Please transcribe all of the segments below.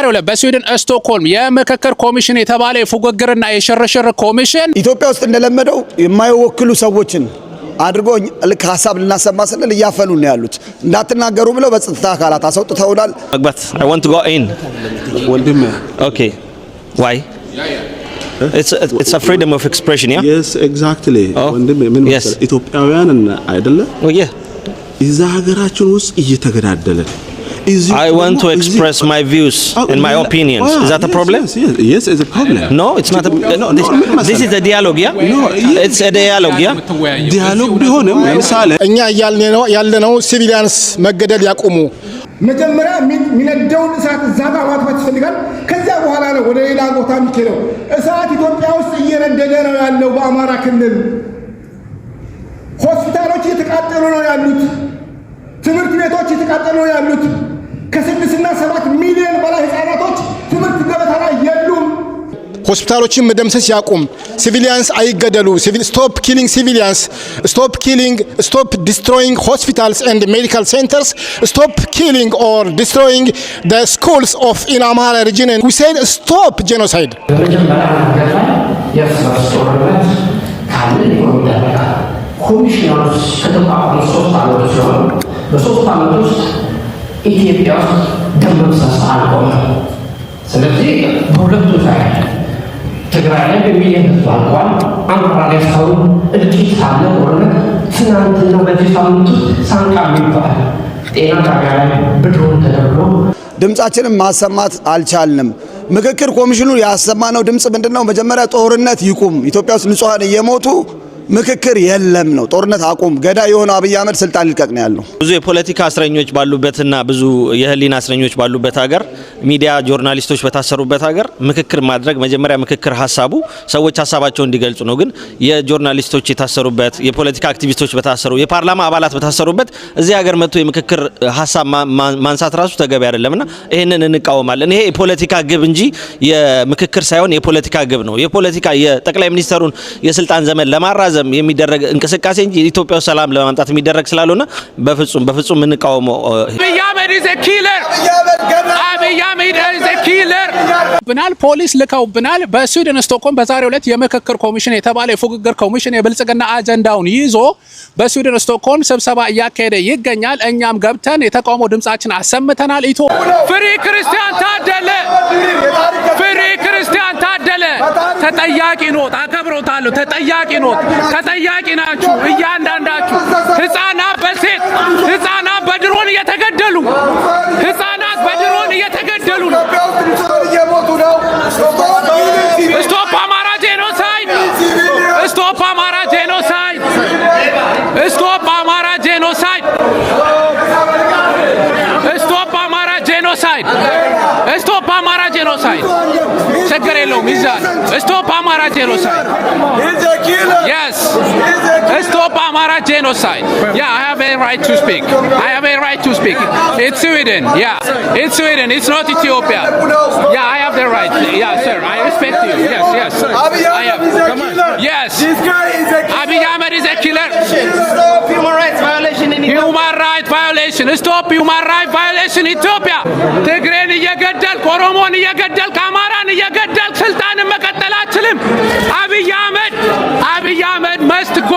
በዛሬው ዕለት በስዊድን ስቶክሆልም የምክክር ኮሚሽን የተባለ የፉግግርና የሽርሽር ኮሚሽን ኢትዮጵያ ውስጥ እንደለመደው የማይወክሉ ሰዎችን አድርጎ ልክ ሀሳብ ልናሰማ ስንል እያፈኑ ነው ያሉት። እንዳትናገሩ ብለው በጸጥታ አካላት አስወጥተውናል። መግባት አይ ዋንት ቱ ጎ ኢን ወንድም ኦኬ ዋይ ኢትዮጵያውያን አይደለ oh, እዛ ሀገራችን ውስጥ እየተገዳደለን I want to express my views and my ah, opinions. Is that a problem? Yes, yes, yes it's a problem. No, it's not a no, this, this is a dialogue, yeah? No, it's a dialogue, yeah? ዲያሎግ ቢሆንም ለምሳሌ እኛ እያልን ነው ያለነው ሲቪሊያንስ መገደል ያቁሙ። መጀመሪያ የሚነደውን እሳት እዛ ጋር ማጥፋት ይፈልጋል። ከዚያ በኋላ ነው ወደ ሌላ ቦታ የሚኬደው። እሳት ኢትዮጵያ ውስጥ እየነደደ ነው ያለው። በአማራ ክልል ሆስፒታሎች እየተቃጠሉ ነው ያሉት። ትምህርት ቤቶች እየተቃጠሉ ነው ያሉት። ሆስፒታሎችን መደምሰስ ያቁም፣ ሲቪሊያንስ አይገደሉ፣ ስቶፕ ኪሊንግ ሲቪሊያንስ፣ ስቶፕ ኪሊንግ፣ ስቶፕ ዲስትሮይንግ ሆስፒታልስ ኤንድ ሜዲካል ሴንተርስ፣ ስቶፕ ኪሊንግ ኦር ዲስትሮይንግ ደ ስኩልስ ኦፍ ኢን አማራ ሪጅን ዊ ሴድ ስቶፕ ጄኖሳይድ። ኢትዮጵያ ውስጥ ደም መፍሰስ አልቆመም። ስለዚህ በሁለቱ ሳይል ስራ ላይ በሚል የህዝብ አቋም አማራ ላይ እልቂት ሳለ ጦርነት ትናንትና በዚህ ሳምንት ውስጥ ሳንቃ የሚባል ጤና ጣቢያ ላይ ብድሮን ተደብሎ ድምፃችንም ማሰማት አልቻልንም። ምክክር ኮሚሽኑ ያሰማነው ድምጽ ምንድነው? መጀመሪያ ጦርነት ይቁም፣ ኢትዮጵያ ውስጥ ንጹሃን እየሞቱ ምክክር የለም ነው። ጦርነት አቁም። ገዳ የሆነው አብይ አህመድ ስልጣን ይልቀቅ ነው ያለው። ብዙ የፖለቲካ እስረኞች ባሉበትና ብዙ የህሊና እስረኞች ባሉበት ሀገር፣ ሚዲያ ጆርናሊስቶች በታሰሩበት ሀገር ምክክር ማድረግ መጀመሪያ ምክክር ሀሳቡ ሰዎች ሀሳባቸው እንዲገልጹ ነው። ግን የጆርናሊስቶች የታሰሩበት፣ የፖለቲካ አክቲቪስቶች በታሰሩ፣ የፓርላማ አባላት በታሰሩበት እዚህ ሀገር መጥቶ የምክክር ሀሳብ ማንሳት ራሱ ተገቢ አይደለምና ይህንን እንቃወማለን። ይሄ የፖለቲካ ግብ እንጂ የምክክር ሳይሆን የፖለቲካ ግብ ነው። የፖለቲካ የጠቅላይ ሚኒስተሩን የስልጣን ዘመን ለማራዘም ለማራዘም የሚደረግ እንቅስቃሴ እንጂ ኢትዮጵያ ውስጥ ሰላም ለማምጣት የሚደረግ ስላልሆነ በፍጹም በፍጹም የምንቃወመው ብናል ፖሊስ ልከውብናል። በስዊድን ስቶክሆልም በዛሬው ዕለት የምክክር ኮሚሽን የተባለ የፉግግር ኮሚሽን የብልጽግና አጀንዳውን ይዞ በስዊድን ስቶክሆልም ስብሰባ እያካሄደ ይገኛል። እኛም ገብተን የተቃውሞ ድምጻችን አሰምተናል። ኢትዮ ፍሪ ክርስቲያን ታደለ ፍሪ ክርስቲያን ታደለ ተጠያቂ ኖት አከብሮታለሁ። ተጠያቂ ኖት ተጠያቂ ናችሁ እያንዳንዳችሁ። ህፃናት በሴት ህፃናት በድሮን እየተገደሉ ህፃናት በድሮን እየተገደሉ ነው። ስቶፕ አማራ ጄኖሳይድ! ስቶፕ አማራ ጄኖሳይድ! ስቶፕ አማራ ጄኖሳይድ! ስቶፕ አማራ ጄኖሳይድ! ስቶፕ አማራ ጄኖሳይድ! ችግር የለውም ይዛል Stop Amara genocide. He's a killer. Yes. He's a Stop Amara genocide. Yeah, I have a right to speak. I have a right to speak. It's Sweden. Yeah. It's Sweden. It's not Ethiopia. Yeah, I have the right. Yeah, sir. I respect you. Yes, yes. Abiy Ahmed is a killer. Yes. This guy is a killer. Abiy Ahmed is a killer. Stop human rights violation in Ethiopia. Human rights violation. Stop human rights violation in Ethiopia. Tigray እየገደ መንግስት ጎ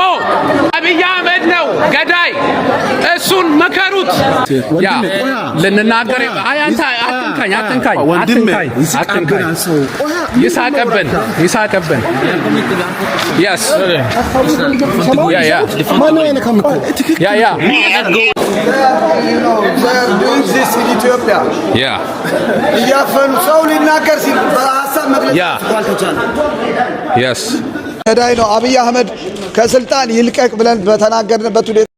አብይ አህመድ ነው ገዳይ፣ እሱን መከሩት ልንናገር አያንተ አትንካኝ፣ አትንካኝ፣ አትንካኝ፣ አትንካኝ። ይሳቅብን፣ ያስ ያ ያ ያ ያ እያፈኑ ሰው ሊናገር ሲል በሀሳብ መግለጽ ከዳይ ነው አብይ አህመድ ከስልጣን ይልቀቅ ብለን በተናገርንበት ሁኔታ